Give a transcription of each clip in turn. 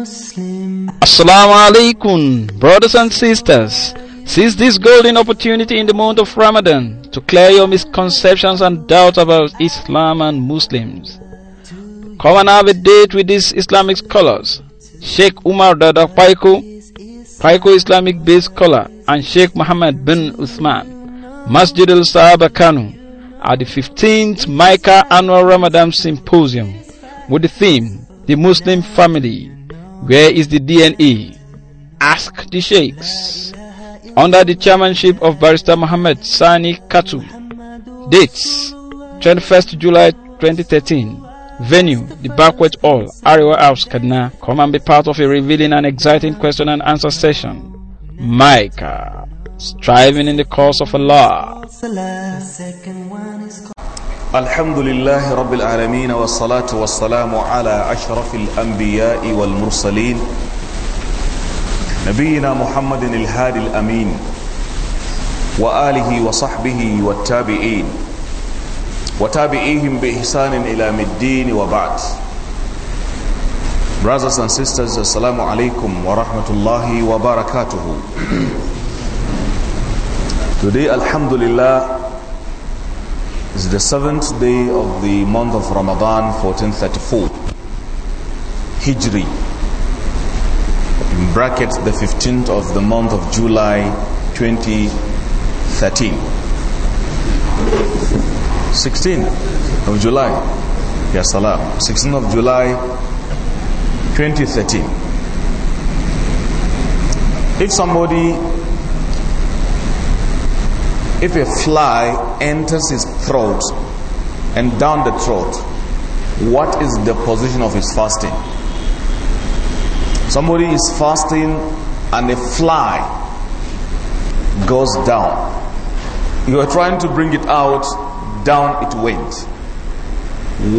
Muslim. Assalamu alaikum, brothers and sisters. Seize this golden opportunity in the month of Ramadan to clear your misconceptions and doubts about Islam and Muslims. Come and have a date with these Islamic scholars Sheikh Umar Dada Paiko, Paiko Islamic based scholar, and Sheikh Muhammad bin Uthman, Masjid al Sahaba Kanu, at the 15th Micah Annual Ramadan Symposium with the theme The Muslim Family. Where is the DNE? Ask the Sheikhs. Under the chairmanship of Barrister Muhammad Sani Katu. Dates 21st July 2013. Venue, the Backward hall, Ariwa House, Kaduna. Come and be part of a revealing and exciting question and answer session. Micah, striving in the cause of Allah. الحمد لله رب العالمين والصلاة والسلام على أشرف الأنبياء والمرسلين نبينا محمد الهادي الأمين وآله وصحبه والتابعين وتابعيهم بإحسان إلى مدين وبعد Brothers and sisters, Assalamu alaikum wa rahmatullahi wa barakatuhu. Today, Alhamdulillah, It's the seventh day of the month of Ramadan, 1434. Hijri. In brackets, the 15th of the month of July, 2013. 16 of July. Ya salam. 16th of July, 2013. If somebody, if a fly enters his throat and down the throat, what is the position of his fasting? Somebody is fasting and a fly goes down. You are trying to bring it out, down it went.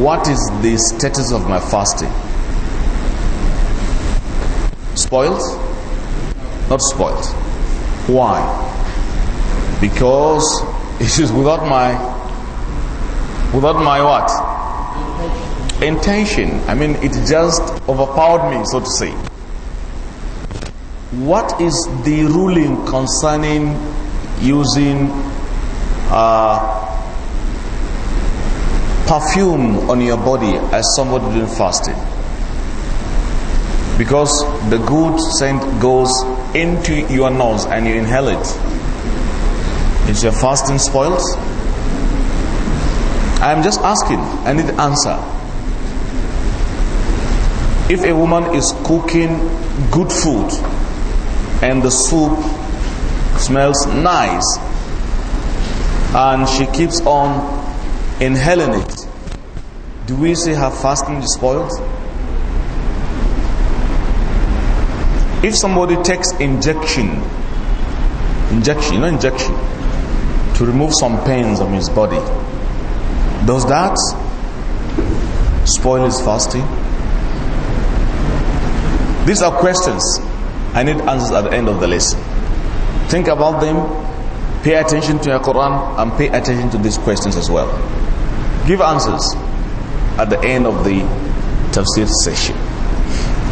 What is the status of my fasting? Spoiled? Not spoiled. Why? Because he says, without my, without my what? Intention. I mean, it just overpowered me, so to say. What is the ruling concerning using uh, perfume on your body as somebody doing fasting? Because the good scent goes into your nose and you inhale it. Is your fasting spoiled? I am just asking. I need answer. If a woman is cooking good food and the soup smells nice and she keeps on inhaling it, do we say her fasting is spoiled? If somebody takes injection, injection, you know injection, to remove some pains from his body. Does that spoil his fasting? These are questions. I need answers at the end of the lesson. Think about them. Pay attention to your Quran and pay attention to these questions as well. Give answers at the end of the tafsir session.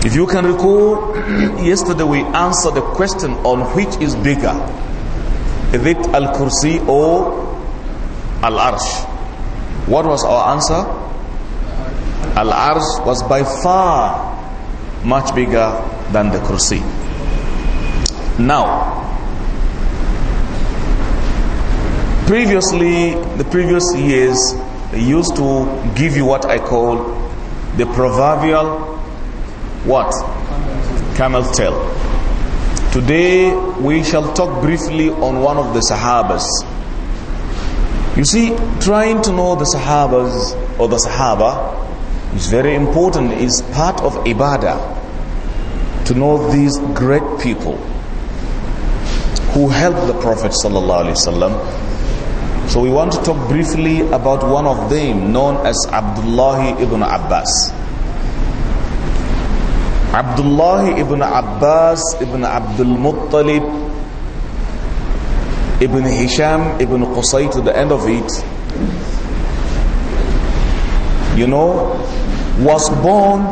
If you can recall, yesterday we answered the question on which is bigger, is it Al-Kursi or Al-Arsh? What was our answer? Al-Arsh was by far much bigger than the Kursi. Now, previously, the previous years, they used to give you what I call the proverbial what? Camel tail Today we shall talk briefly on one of the Sahabas. You see, trying to know the Sahabas or the Sahaba is very important, is part of Ibadah. To know these great people who helped the Prophet wasallam. So we want to talk briefly about one of them known as Abdullah ibn Abbas. Abdullah ibn Abbas ibn Abdul Muttalib ibn Hisham ibn Qusay to the end of it you know was born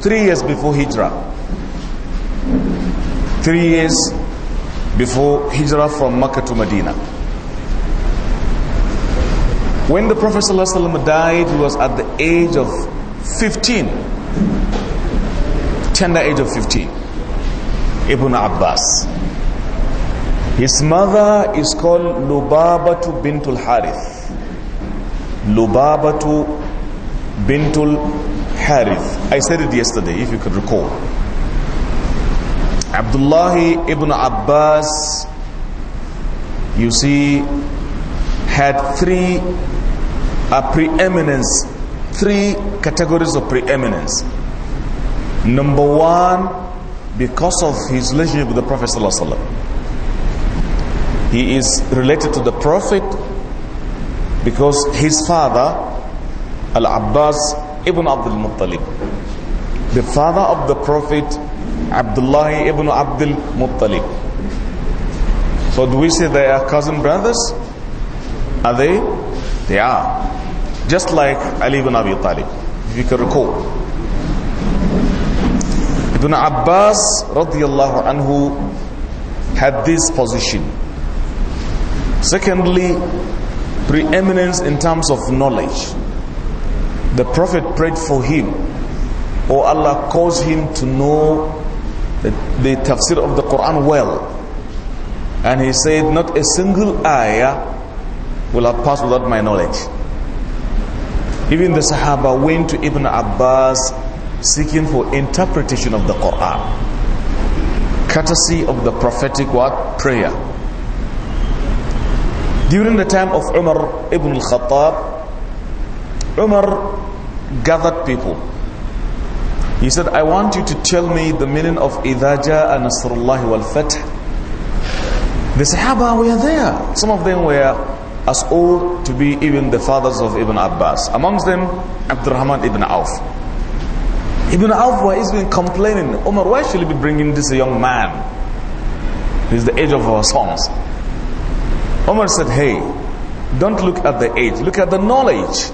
three years before Hijrah three years before Hijrah from Makkah to Medina when the Prophet ﷺ died he was at the age of 15 tender age of 15. Ibn Abbas. His mother is called Lubabatu bintul Harith. Lubabatu bintul Harith. I said it yesterday, if you could recall. Abdullah ibn Abbas, you see, had three a preeminence, three categories of preeminence. Number one, because of his relationship with the Prophet ﷺ. He is related to the Prophet because his father, Al-Abbas ibn Abdul Muttalib, the father of the Prophet, Abdullah ibn Abdul Muttalib. So do we say they are cousin brothers? Are they? They are. Just like Ali ibn Abi Talib, if you can recall. Ibn Abbas radiallahu anhu had this position. Secondly, preeminence in terms of knowledge. The Prophet prayed for him, or oh Allah caused him to know the, the tafsir of the Quran well. And he said, Not a single ayah will have passed without my knowledge. Even the Sahaba went to Ibn Abbas seeking for interpretation of the Quran. Courtesy of the prophetic word Prayer. During the time of Umar ibn al-Khattab, Umar gathered people. He said, I want you to tell me the meaning of إِذَا جَاءَ نَصْرُ اللَّهِ وَالْفَتْحِ The Sahaba were there. Some of them were as old to be even the fathers of Ibn Abbas. Amongst them, Abdurrahman ibn Auf. Ibn Awfa has been complaining, Omar, why should he be bringing this young man? He's the age of our sons. Omar said, hey, don't look at the age, look at the knowledge.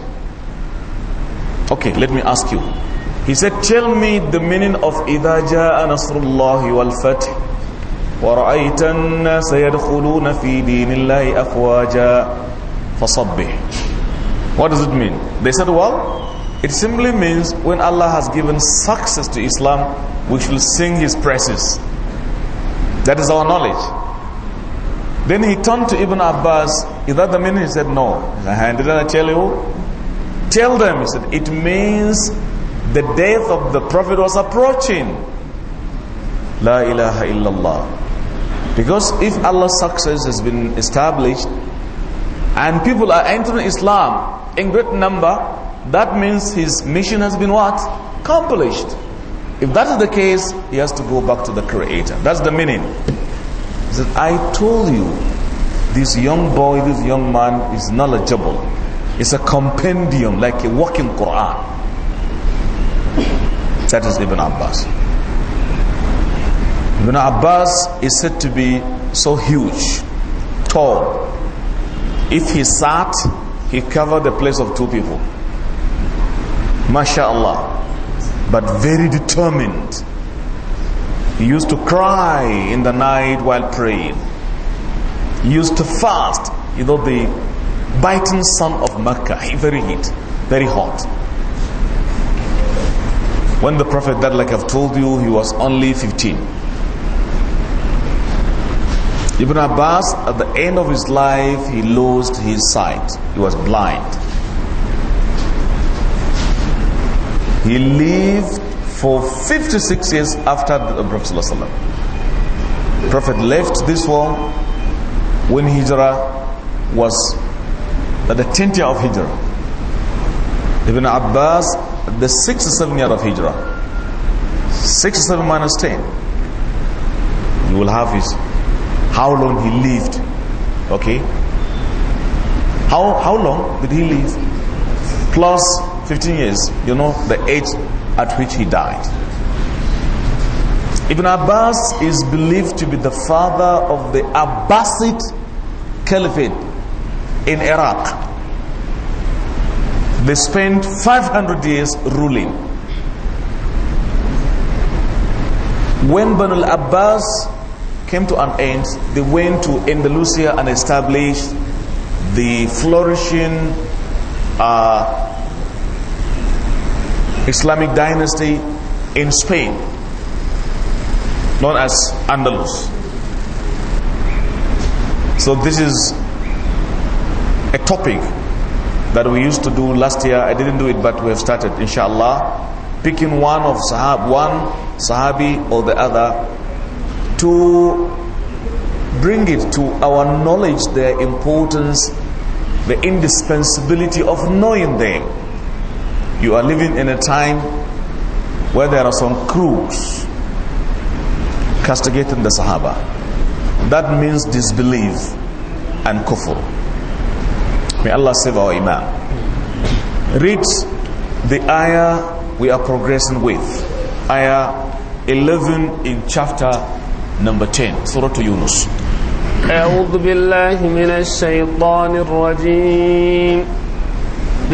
Okay, let me ask you. He said, tell me the meaning of إِذَا جَاءَ نَصْرُ اللَّهِ وَالْفَتْحِ ورأيت الناس يدخلون في دين الله أفواجا فصبح What does it mean? They said, well, it simply means when Allah has given success to Islam, we shall sing His praises. That is our knowledge. Then he turned to Ibn Abbas. Is that the meaning? He said, no. Didn't I tell you? Tell them. He said, it means the death of the Prophet was approaching. La ilaha illallah. Because if Allah's success has been established and people are entering Islam in great number, that means his mission has been what? Accomplished. If that is the case, he has to go back to the Creator. That's the meaning. He said, I told you, this young boy, this young man is knowledgeable. It's a compendium, like a walking Quran. That is Ibn Abbas. Ibn Abbas is said to be so huge, tall. If he sat, he covered the place of two people mashallah, but very determined. He used to cry in the night while praying. He used to fast, you know, the biting sun of Mecca, very heat, very hot. When the Prophet died, like I've told you, he was only 15. Ibn Abbas, at the end of his life, he lost his sight. He was blind. He lived for 56 years after the Prophet ﷺ. Prophet left this world when Hijrah was at the 10th year of Hijrah. Ibn Abbas, the 6th or 7th year of Hijrah. 6 or 7 minus 10. You will have his, how long he lived. Okay? How, how long did he live? Plus 15 years, you know the age at which he died. Ibn Abbas is believed to be the father of the Abbasid Caliphate in Iraq. They spent 500 years ruling. When Banu al-Abbas came to an end, they went to Andalusia and established the flourishing uh, Islamic dynasty in Spain, known as Andalus. So this is a topic that we used to do last year. I didn't do it, but we have started, inshallah. Picking one of sahab, one sahabi or the other to bring it to our knowledge their importance, the indispensability of knowing them you are living in a time where there are some crews castigating the Sahaba. That means disbelief and kufr. May Allah save our Imam. Read the ayah we are progressing with. Ayah 11 in chapter number 10, Surah to Yunus. أعوذ بالله من الشيطان الرجيم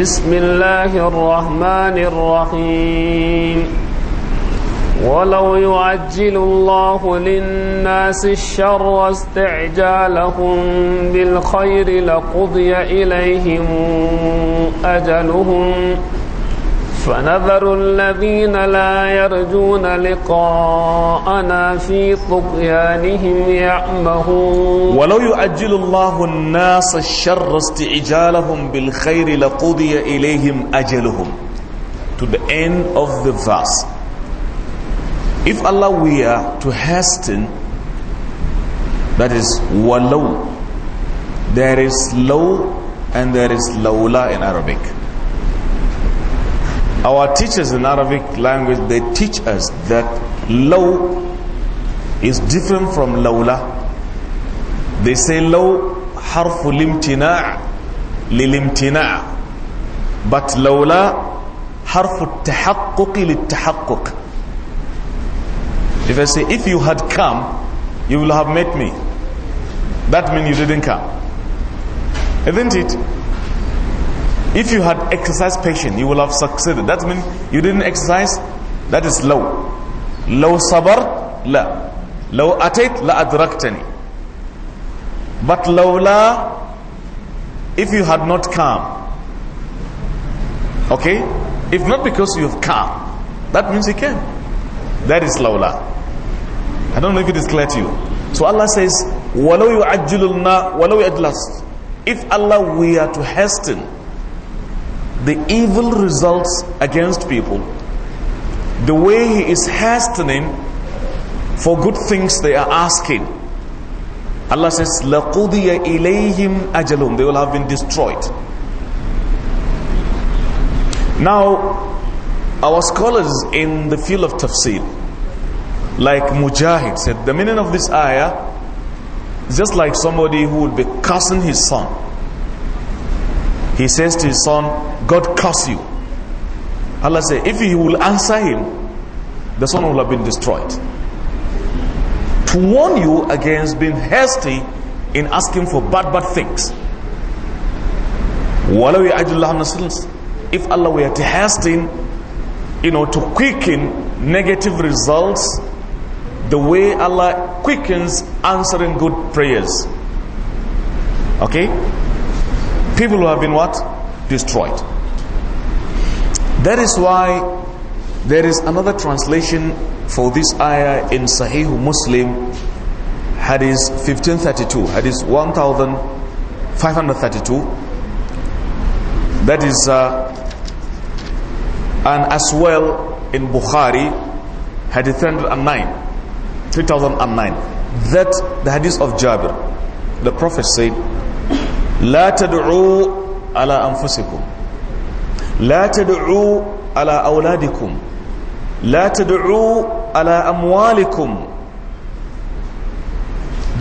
بسم الله الرحمن الرحيم ولو يعجل الله للناس الشر استعجالهم بالخير لقضي إليهم أجلهم فنذر الذين لا يرجون لقاءنا في طغيانهم يعمهون ولو يؤجل الله الناس الشر استعجالهم بالخير لقضي إليهم أجلهم to the end of the verse if Allah were to hasten that is ولو there is low and there is lawla in Arabic Our teachers in Arabic language, they teach us that "low" is different from lawla. They say law harfu limtina' lilimtina' but lawla harfu tahakkuki litahakkuk. If I say, if you had come, you will have met me. That means you didn't come. Isn't it? If you had exercised patience, you will have succeeded. That means you didn't exercise. That is low. Low sabar, la. Low atait, la adraktani. But lawla, if you had not come. Okay? If not because you have come, that means you can. That is lawla. I don't know if it is clear to you. So Allah says, وَلَوْ يُعَجِّلُ اللَّهُ وَلَوْ If Allah were to hasten the evil results against people, the way he is hastening for good things they are asking. Allah says, لَقُضِيَ إِلَيْهِمْ أَجَلُهُمْ They will have been destroyed. Now, our scholars in the field of tafsir, like Mujahid said, the meaning of this ayah is just like somebody who would be cursing his son. He says to his son, God curse you. Allah said, if you will answer him, the son will have been destroyed. To warn you against being hasty in asking for bad, bad things. If Allah were to hasten, you know, to quicken negative results, the way Allah quickens answering good prayers. Okay? People who have been what? Destroyed. That is why there is another translation for this ayah in Sahih Muslim, Hadith 1532, Hadith 1532. That is, uh, and as well in Bukhari, Hadith 309, 3009. That the Hadith of Jabir, the Prophet said, لا تدعوا على أنفسكم لا تدعوا على أولادكم لا تدعوا ala أموالكم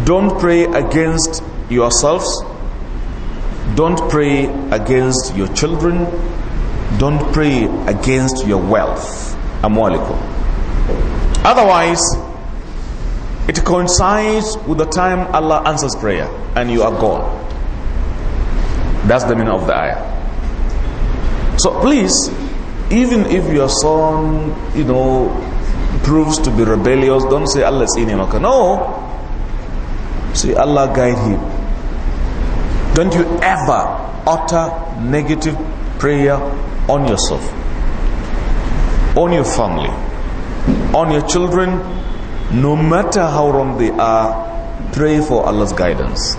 Don't pray against yourselves Don't pray against your children Don't pray against your wealth أموالكم Otherwise it coincides with the time Allah answers prayer and you are gone That's the meaning of the ayah so please, even if your son, you know, proves to be rebellious, don't say Allah is in him. Okay, no. Say Allah guide him. Don't you ever utter negative prayer on yourself, on your family, on your children, no matter how wrong they are, pray for Allah's guidance.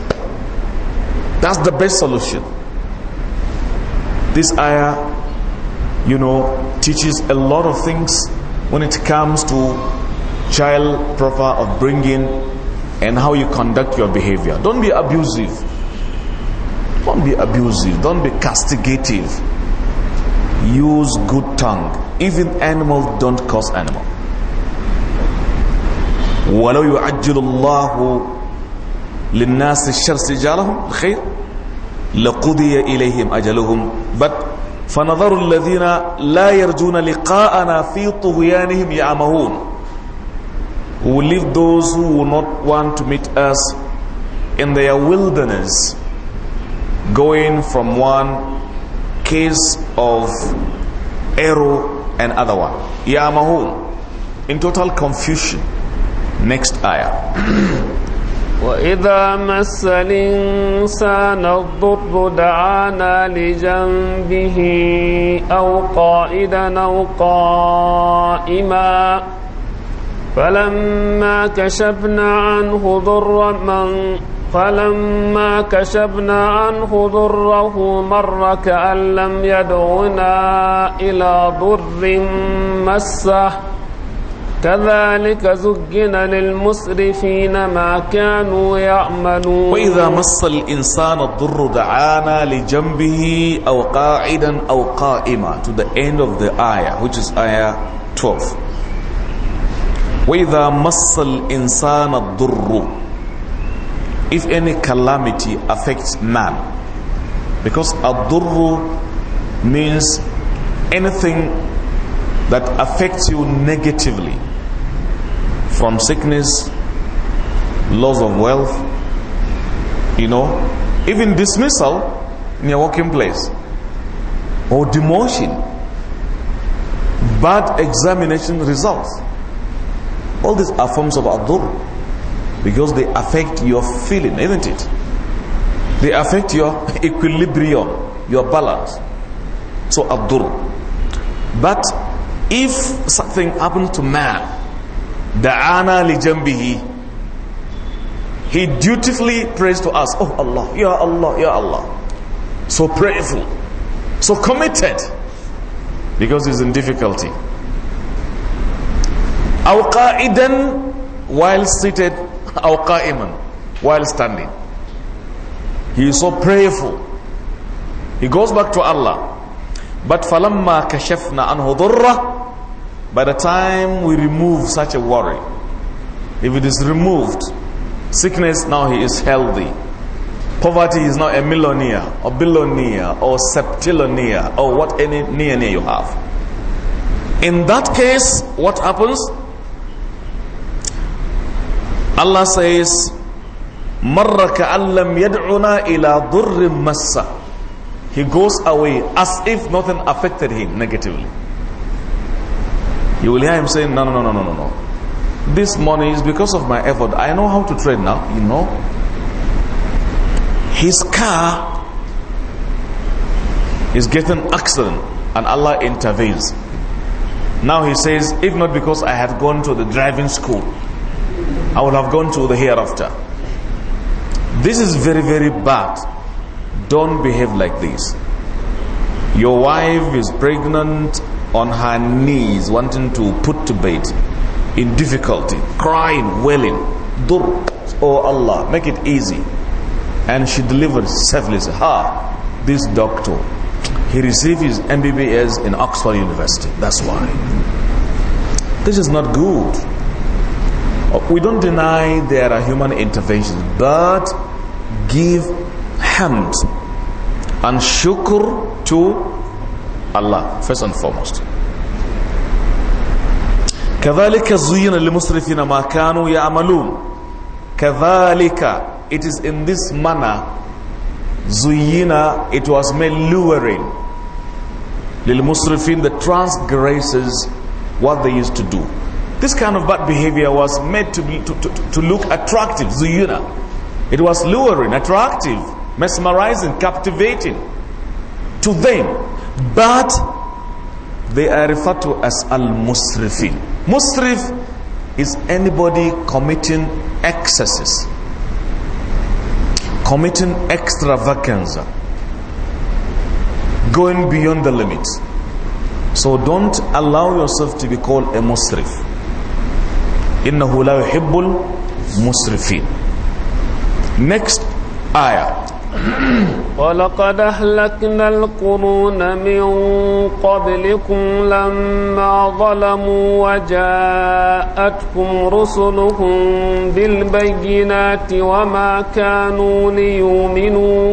That's the best solution. This ayah, you know, teaches a lot of things when it comes to child proper upbringing and how you conduct your behavior. Don't be abusive. Don't be abusive. Don't be castigative. Use good tongue. Even animals don't cause animal. ولو يعجل الله للناس الشر سجالهم لقضي إليهم أجلهم بك فنظر الذين لا يرجون لقاءنا في طغيانهم يعمهون who leave those who will not want to meet us in their wilderness going from one case of error and other one يعمهون in total confusion next ayah وإذا مس الإنسان الضر دعانا لجنبه أو قائدا أو قائما فلما كشفنا عنه ضر من فلما كشفنا عنه ضره مر كأن لم يدعنا إلى ضر مسه كذلك زجنا للمسرفين ما كانوا يعملون وإذا مص الإنسان الضر دعانا لجنبه أو قاعدا أو قائما to the end of the ayah which is ayah 12 وإذا مص الإنسان الضر if any calamity affects man because الضر means anything that affects you negatively from sickness, loss of wealth, you know, even dismissal in your working place, or demotion, bad examination results. All these are forms of adur because they affect your feeling, isn't it? They affect your equilibrium, your balance. So adur. But if something happens to man, Da'ana li jambihi. He dutifully prays to us. Oh Allah, Ya Allah, Ya Allah. So prayerful. So committed. Because he's in difficulty. Aw qa'idan while seated. Aw qa'iman while standing. He is so prayerful. He goes back to Allah. But falamma kashafna anhu dhurrah by the time we remove such a worry, if it is removed, sickness now he is healthy. Poverty is not a millionaire or billionaire or septillionaire or what any near near you have. In that case, what happens? Allah says, مَرَّ كَأَن لَمْ يَدْعُنَا إِلَى ضُرٍ He goes away as if nothing affected him negatively. You will hear him saying, no, no, no, no, no, no. This money is because of my effort. I know how to trade now, you know. His car is getting accident and Allah intervenes. Now he says, if not because I had gone to the driving school, I would have gone to the hereafter. This is very, very bad. Don't behave like this. Your wife is pregnant on her knees, wanting to put to bed, in difficulty, crying, wailing, Dur, oh Allah, make it easy. And she delivered safely. Ha! this doctor. He received his MBBS in Oxford University. That's why. This is not good. We don't deny there are human interventions, but give hamd and shukr to Allah first and foremost كذلك زين للمسرفين ما كانوا يعملون كذلك it is in this manner زُيِّنَ it was made luring للمسرفين the transgresses what they used to do this kind of bad behavior was made to be to, to, to look attractive زُيِّنَ it was luring attractive mesmerizing captivating to them but they are referred to as al-musrifin. Musrif is anybody committing excesses, committing extravagance, going beyond the limits. So don't allow yourself to be called a musrif. إنه لا يحب musrifin Next ayah. ولقد أهلكنا القرون من قبلكم لما ظلموا وجاءتكم رسلهم بالبينات وما كانوا ليؤمنوا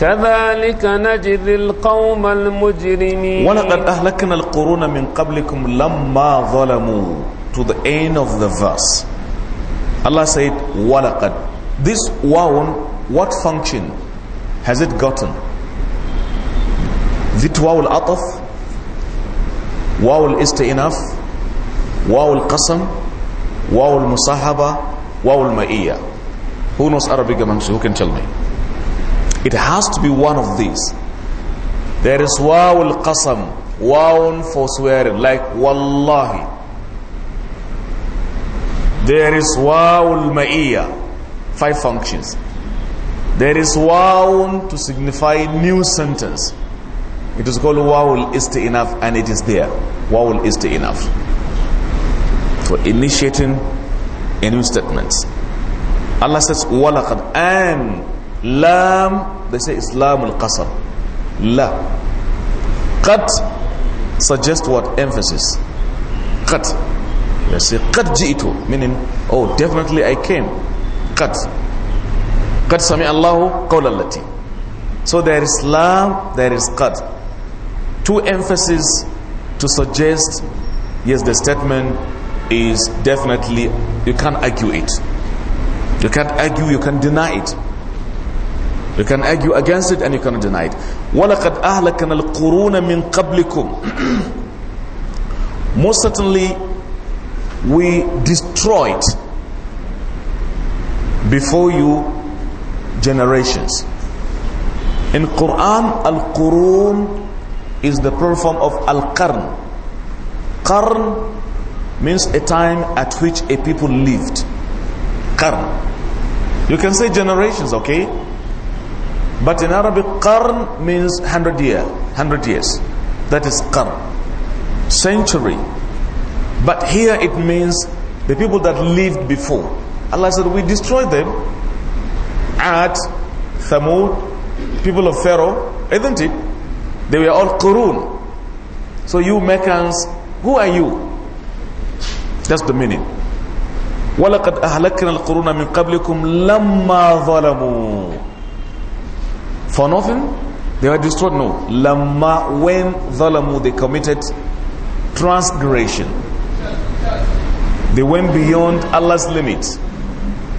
كذلك نجزي القوم المجرمين ولقد أهلكنا القرون من قبلكم لما ظلموا to the end of the verse Allah said ولقد this one what function has it gotten? That wawul ataf, wawul isti'naf, wawul qasam, wawul musahaba, wawul ma'iyya. Who knows Arabic amongst you? Who can tell me? It has to be one of these. There is wawul qasam, wawun for swearing, like wallahi. There is wawul ma'iyya, five functions. There is waun to signify new sentence. It is called isti' enough, and it is there. isti' enough for initiating a new statement. Allah says walaqad and lam they say islam al-qasr la Qat suggest what emphasis Qat. they say ji ji'tu meaning oh definitely I came Qat. قد سمع الله so there is lam there is qad two emphases to suggest yes the statement is definitely you can't argue it you can't argue you can deny it you can argue against it and you can deny it وَلَقَدْ أَهْلَكَنَا الْقُرُونَ مِنْ قَبْلِكُمْ most certainly we destroyed before you generations. In Quran, Al-Qurun is the plural form of Al-Qarn. Qarn means a time at which a people lived. Qarn. You can say generations, okay? But in Arabic, Qarn means 100 year, 100 years. That is Qarn. Century. But here it means the people that lived before. Allah said, we destroy them at Thamud, people of Pharaoh, isn't it? They were all Qurun. So you Meccans, who are you? That's the meaning. وَلَقَدْ أَهْلَكْنَا الْقُرُونَ مِنْ قَبْلِكُمْ لَمَّا ظَلَمُوا For nothing? They were destroyed? No. Lama when ظَلَمُوا They committed transgression. They went beyond Allah's limits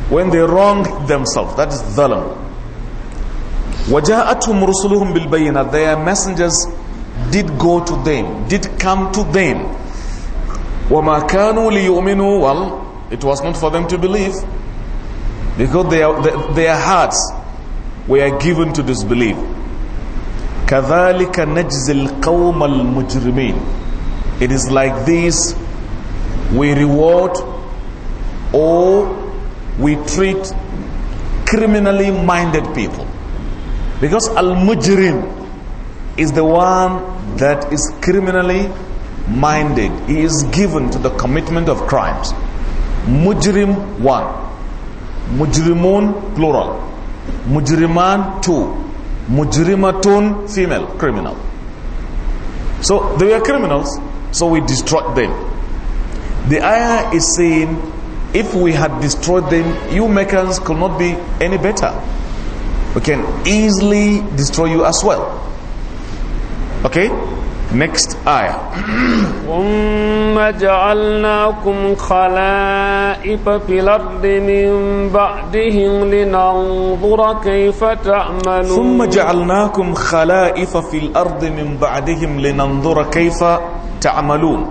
when they wronged themselves. That is dhalam. وَجَاءَتْهُمْ رُسُلُهُمْ بِالْبَيِّنَةِ Their messengers did go to them, did come to them. wama kanu liyuminu. Well, it was not for them to believe because their, their hearts were given to disbelief. كَذَلِكَ qawm al mujrimin. It is like this we reward all we treat criminally minded people. Because Al-Mujrim is the one that is criminally minded. He is given to the commitment of crimes. Mujrim one. Mujrimun plural. Mujriman two. Mujrimatun female criminal. So they are criminals, so we destruct them. The ayah is saying if we had destroyed them, you Meccans could not be any better. We can easily destroy you as well. Okay? Next ayah. ثم جعلناكم خلائف في الأرض من بعدهم لننظر كيف تعملون ثم جعلناكم خلائف في الأرض من بعدهم لننظر كيف تعملون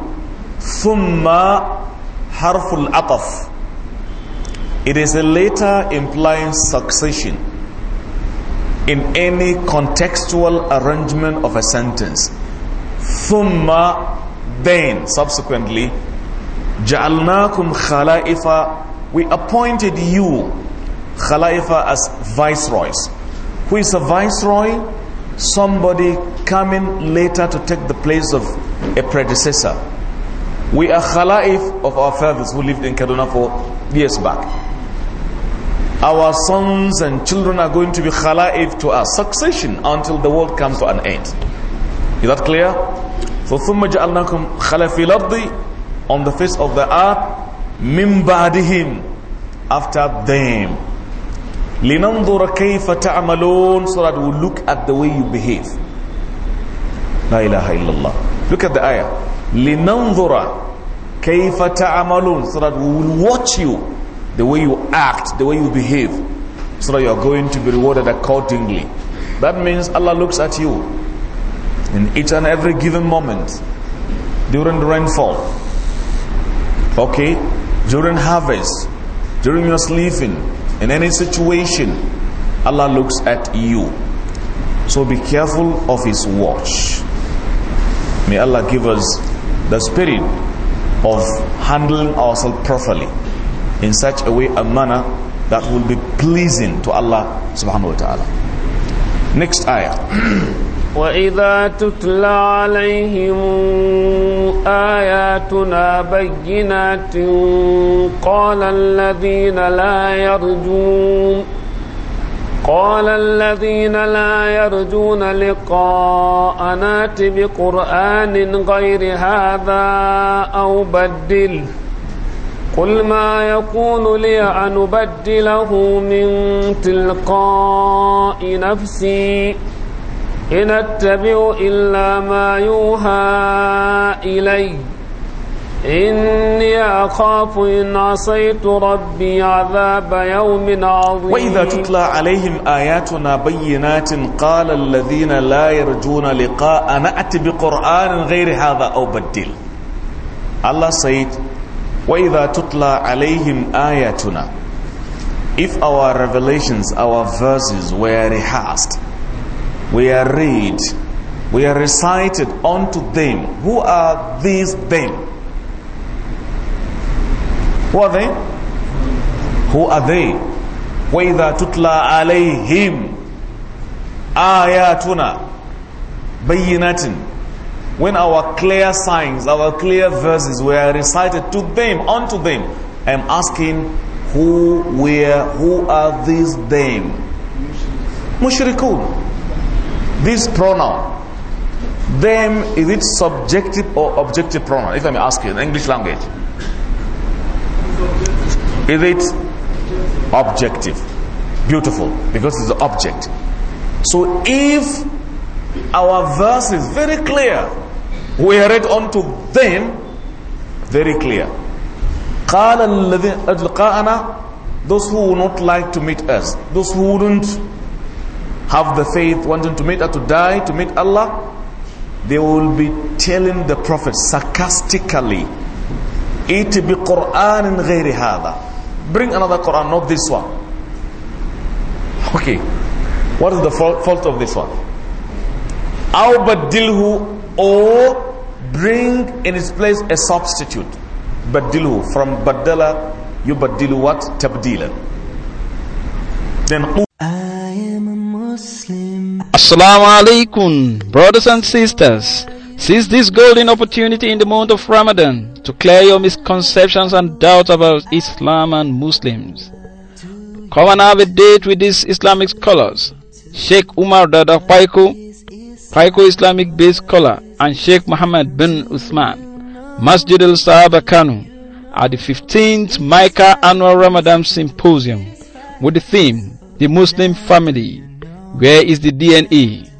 ثم حرف العطف It is a letter implying succession in any contextual arrangement of a sentence. Thumma, then, subsequently, ja'alnakum khalaifa, we appointed you, khalaifa, as viceroys. Who is a viceroy? Somebody coming later to take the place of a predecessor. We are khalaif of our fathers who lived in Kaduna for years back. Our sons and children are going to be khala'if to our succession until the world comes to an end. Is that clear? So ثُمَّ جَعَلْنَاكُمْ خَلَفِ الْأَرْضِ On the face of the earth, مِنْ بَعْدِهِمْ After them. لِنَنْظُرَ كَيْفَ تَعْمَلُونَ So that we we'll look at the way you behave. إله إلا الله. Look at the ayah. لِنَنْظُرَ كَيْفَ تَعْمَلُونَ So that we will watch you the way you act, the way you behave, so that you are going to be rewarded accordingly. That means Allah looks at you in each and every given moment during the rainfall, okay, during harvest, during your sleeping, in any situation, Allah looks at you. So be careful of His watch. May Allah give us the spirit of handling ourselves properly. in such a way a manner that will be pleasing to Allah subhanahu wa ta'ala. Next ayah. وإذا تتلى عليهم آياتنا بينات قال الذين لا يرجون قال الذين لا يرجون لقاءنا بقرآن غير هذا أو بدله قل ما يكون لي أن أبدله من تلقاء نفسي إن أتبع إلا ما يوحى إلي إني أخاف إن عصيت ربي عذاب يوم عظيم وإذا تتلى عليهم آياتنا بينات قال الذين لا يرجون لقاء نأتي بقرآن غير هذا أو بدل الله سيد وَإِذَا tutla عَلَيْهِمْ ayatuna. If our revelations, our verses were rehearsed, we are read, we are recited unto them. Who are these them? Who are they? Who are they? وَإِذَا tutla عَلَيْهِمْ ayatuna. بَيِّنَاتٍ when our clear signs, our clear verses were recited to them, unto them, I'm asking who were, who are these them? Mushrikun. This pronoun. Them, is it subjective or objective pronoun? If I may ask you, in English language. Is it objective? Beautiful, because it's the object. So if our verse is very clear we read unto them very clear. قال الذين ألقانا those who would not like to meet us, those who wouldn't have the faith, wanting to meet us, to die, to meet Allah, they will be telling the Prophet sarcastically, It be Quran in غير هذا. Bring another Quran, not this one. Okay. What is the fault of this one? أو بدله or bring in its place a substitute badilu from badala you badilu what tabdila then I am a Muslim Assalamu alaikum brothers and sisters Seize this golden opportunity in the month of Ramadan to clear your misconceptions and doubts about Islam and Muslims. Come and have a date with these Islamic scholars, Sheikh Umar Dada Kaiko Islamic based scholar and Sheikh Muhammad bin Uthman, Masjid al Sahaba Kanu, at the 15th Micah Annual Ramadan Symposium with the theme The Muslim Family Where is the DNA?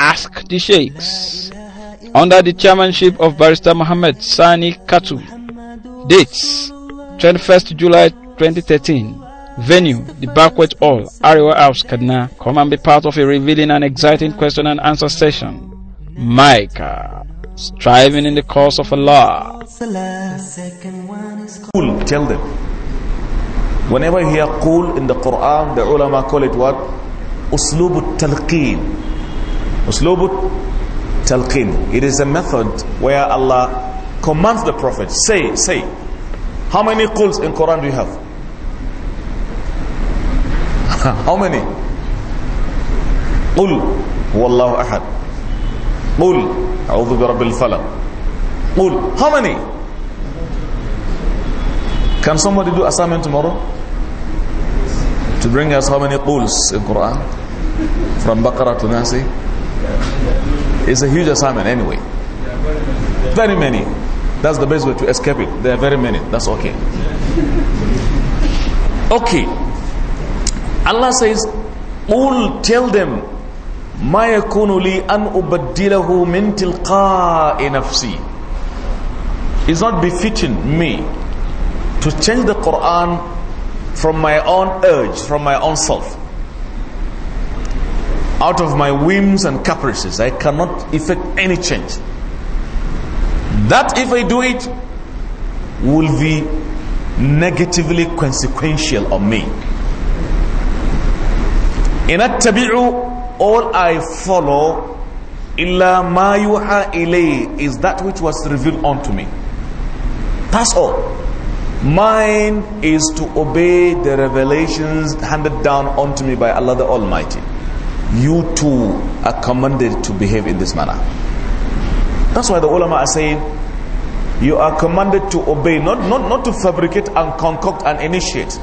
Ask the Sheikhs. Under the chairmanship of Barrister Muhammad Sani Katu. Dates 21st July 2013. Venue, the banquet hall, Ariwa House, Kadna. Come and be part of a revealing and exciting question and answer session. Micah, striving in the cause of Allah. Cool, tell them. Whenever you hear cool in the Quran, the ulama call it what? Uslubut talqeen. Uslubut talqeen. It is a method where Allah commands the Prophet, say, say. How many quls in Quran do you have? How many? قل هو الله Qul, قل أعوذ برب falaq Qul. How many? Can somebody do assignment tomorrow? To bring us how many quls in Quran? From Baqarah to Nasi? It's a huge assignment anyway. Very many. That's the best way to escape it. There are very many. That's okay. Okay. Allah says, Ul, tell them, ما يكون لي أن أبدله من It's not befitting me to change the Quran from my own urge, from my own self. Out of my whims and caprices, I cannot effect any change. That if I do it, will be negatively consequential on me. Inattabi'u, all I follow, illa ma yuha ilay, is that which was revealed unto me. That's all. Mine is to obey the revelations handed down unto me by Allah the Almighty. You too are commanded to behave in this manner. That's why the ulama are saying, you are commanded to obey, not, not, not to fabricate and concoct and initiate.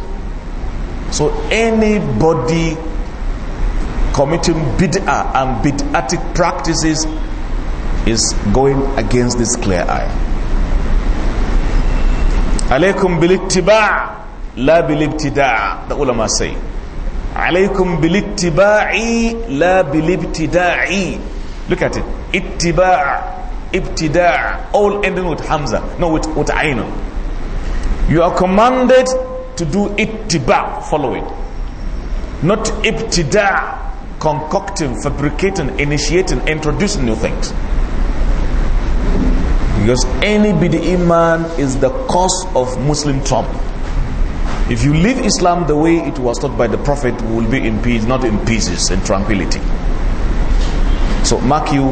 So anybody committing bid'ah and bid'atic practices is going against this clear eye. Alaykum bilittiba' la bilibtida'a, the ulama say. Alaykum bilittiba'i la bilibtida'i. Look at it. Ittiba' ibtida' all ending with hamza, no with, with You are commanded to do ittiba, follow it. Not ibtida' concocting, fabricating, initiating, introducing new things. Because any BDE man is the cause of Muslim trouble. If you leave Islam the way it was taught by the Prophet, we will be in peace, not in pieces, in tranquility. So mark you,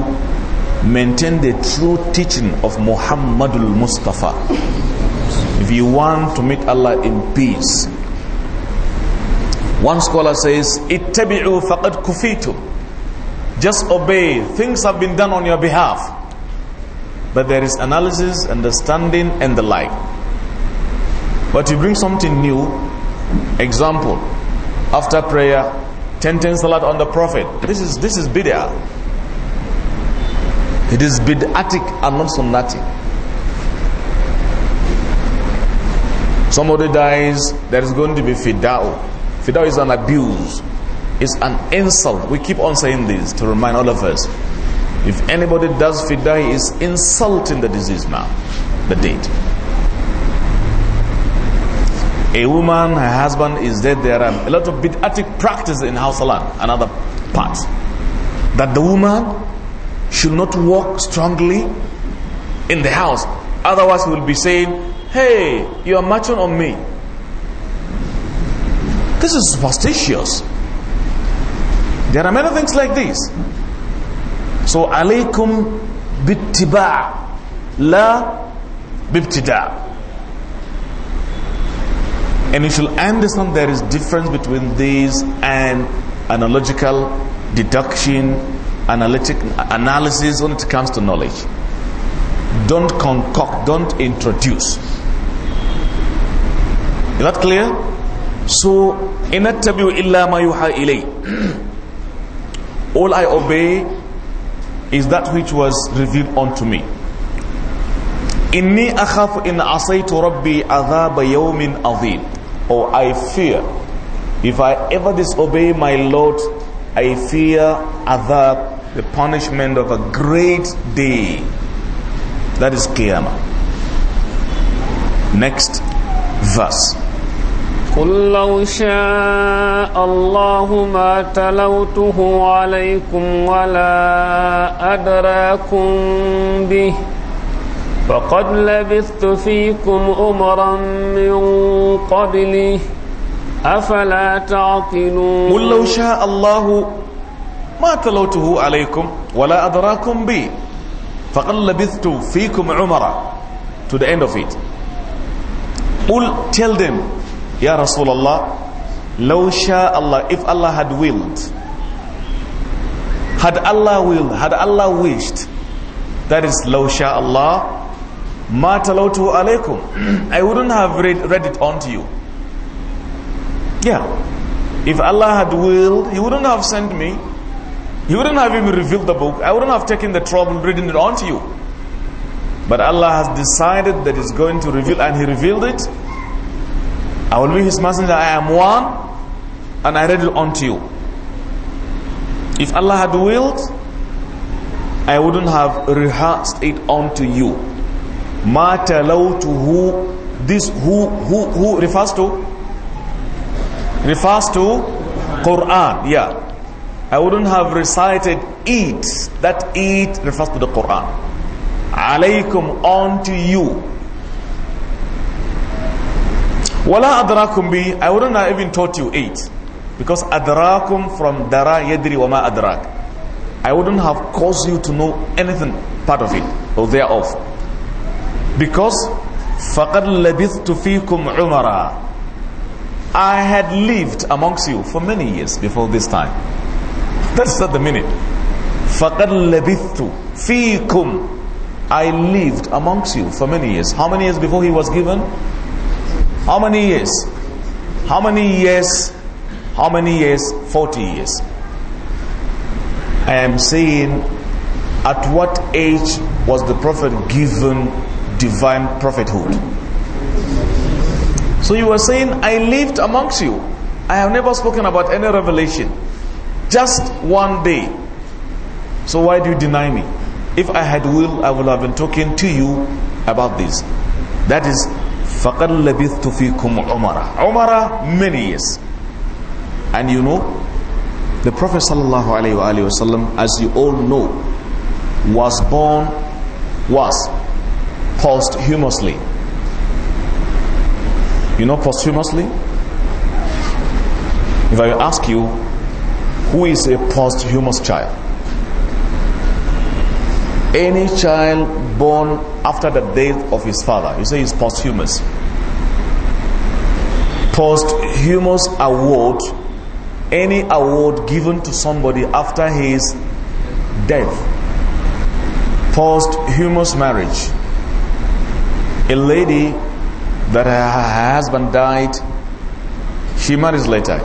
maintain the true teaching of Muhammadul Mustafa. If you want to meet Allah in peace, one scholar says, Ittabi'u faqad kufitu. Just obey. Things have been done on your behalf. But there is analysis, understanding, and the like. But you bring something new. Example. After prayer, 10 times salat on the Prophet. This is this is bid'ah. It is bid'atic and not sunnatic. Somebody dies, there is going to be fida'u. Fida is an abuse. It's an insult. We keep on saying this to remind all of us. If anybody does fida, he is insulting the disease now, the date. A woman, her husband is dead. There are a lot of bid'atic practice in house alone. Another part That the woman should not walk strongly in the house. Otherwise, we'll be saying, hey, you are marching on me. This is superstitious. There are many things like this. So alaykum bittiba' la bibtida'. And you should understand there is difference between these and analogical deduction, analytic analysis when it comes to knowledge. Don't concoct, don't introduce. Is that clear? So, inattabi'u illa ma yuha ilay. All I obey is that which was revealed unto me. Inni akhaf in asaytu rabbi adhaba yawmin adhim. Or oh, I fear, if I ever disobey my Lord, I fear adhab, the punishment of a great day. That is Qiyamah. Next verse. قل لو شاء الله ما تلوته عليكم ولا أدراكم به فقد لبثت فيكم أمرا من قبله أفلا تعقلون قل لو شاء الله ما تلوته عليكم ولا أدراكم به فقد لبثت فيكم عمرا to the end of it قل tell them Ya Rasulullah, law Allah, if Allah had willed, had Allah willed, had Allah wished, that is law Allah, ma talawtu alaykum. I wouldn't have read, read it onto you. Yeah. If Allah had willed, He wouldn't have sent me. He wouldn't have even revealed the book. I wouldn't have taken the trouble reading it onto you. But Allah has decided that He's going to reveal, and He revealed it. I will be his messenger, I am one, and I read it unto you. If Allah had willed, I wouldn't have rehearsed it unto you. Ma who this who, who, who refers to? Refers to Quran, yeah. I wouldn't have recited it. That it refers to the Quran. Alaykum, unto you. Wala adrakum bi, I wouldn't have even taught you eight. Because adrakum from dara yadri wama ma adrak. I wouldn't have caused you to know anything part of it or thereof. Because فَقَدْ لَبِثْتُ فِيكُمْ umara. I had lived amongst you for many years before this time. That's not the minute. فَقَدْ لَبِثْتُ فِيكُمْ I lived amongst you for many years. How many years before he was given? How many years? How many years? How many years? 40 years. I am saying at what age was the prophet given divine prophethood? So you were saying, I lived amongst you. I have never spoken about any revelation. Just one day. So why do you deny me? If I had will, I would have been talking to you about this. That is فَقَدْ لَبِثْتُ فِيكُمْ عُمَرَ عُمَرَ many years. And you know, the Prophet sallallahu wasallam, as you all know, was born, was posthumously. You know posthumously? If I ask you, who is a posthumous child? Any child born after the death of his father. You say he's posthumous posthumous award any award given to somebody after his death posthumous marriage a lady that her husband died she marries later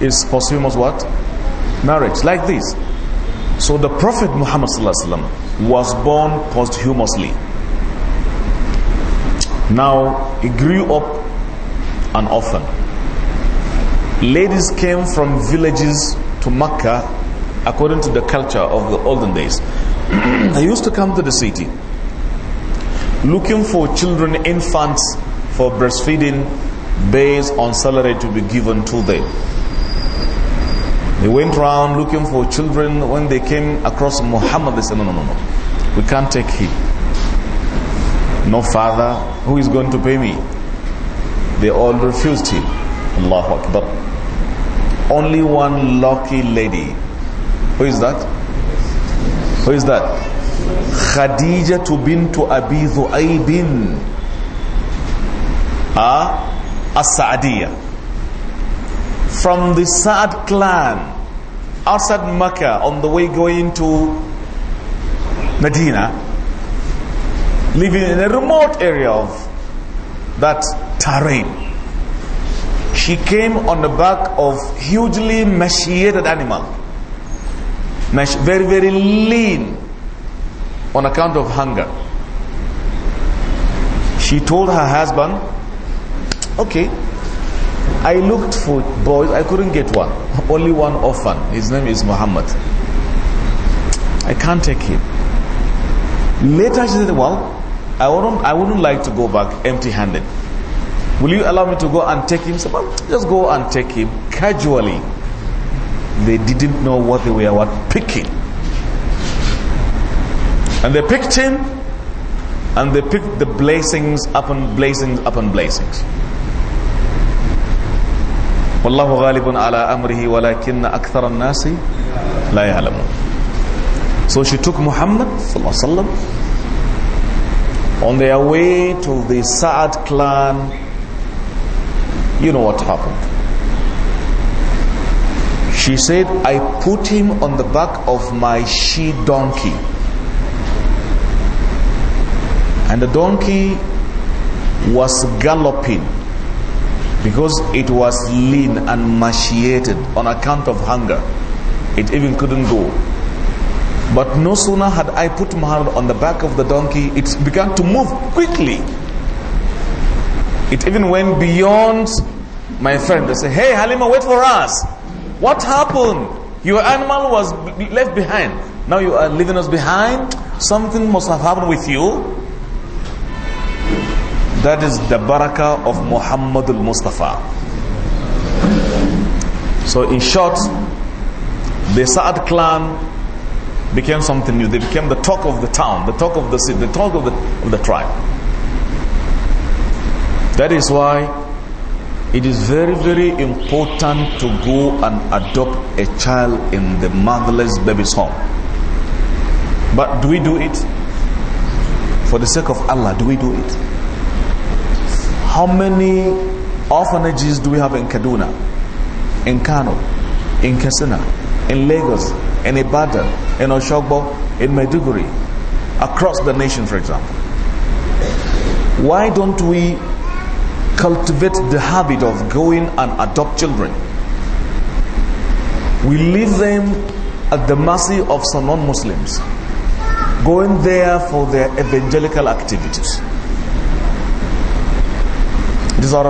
is posthumous what marriage like this so the prophet muhammad was born posthumously now he grew up an orphan. Ladies came from villages to Mecca according to the culture of the olden days. they used to come to the city looking for children, infants for breastfeeding based on salary to be given to them. They went around looking for children. When they came across Muhammad, they said, no, no, no, no. We can't take him. No father. Who is going to pay me? They all refused him. Allahu Akbar. Only one lucky lady. Who is that? Who is that? Khadija bint Abi Dhu'aybin. Ah, as from the Sa'ad clan outside Mecca on the way going to Medina, living in a remote area of that terrain. She came on the back of hugely emaciated animal. Very, very lean on account of hunger. She told her husband, okay, I looked for boys. I couldn't get one. Only one orphan. His name is Muhammad. I can't take him. Later she said, well, I wouldn't, I wouldn't like to go back empty-handed. Will you allow me to go and take him? So, well, just go and take him casually. They didn't know what they were what picking. And they picked him and they picked the blessings upon blessings upon blessings. والله غالب على أمره ولكن أكثر الناس لا يعلمون So she took Muhammad وسلم, on their way to the Sa'ad clan you know what happened. She said, I put him on the back of my she donkey. And the donkey was galloping because it was lean and emaciated on account of hunger. It even couldn't go. But no sooner had I put Muhammad on the back of the donkey, it began to move quickly. It even went beyond my friend. They say, hey, Halima, wait for us. What happened? Your animal was left behind. Now you are leaving us behind. Something must have happened with you. That is the barakah of Muhammad al-Mustafa. So in short, the Sa'ad clan became something new. They became the talk of the town, the talk of the city, the talk of the, of the tribe. That is why it is very, very important to go and adopt a child in the motherless baby's home. But do we do it? For the sake of Allah, do we do it? How many orphanages do we have in Kaduna, in Kano, in Kasina, in Lagos, in Ibadan, in Oshogbo, in Maiduguri, across the nation, for example? Why don't we cultivate the habit of going and adopt children. We leave them at the mercy of some non-Muslims, going there for their evangelical activities. These are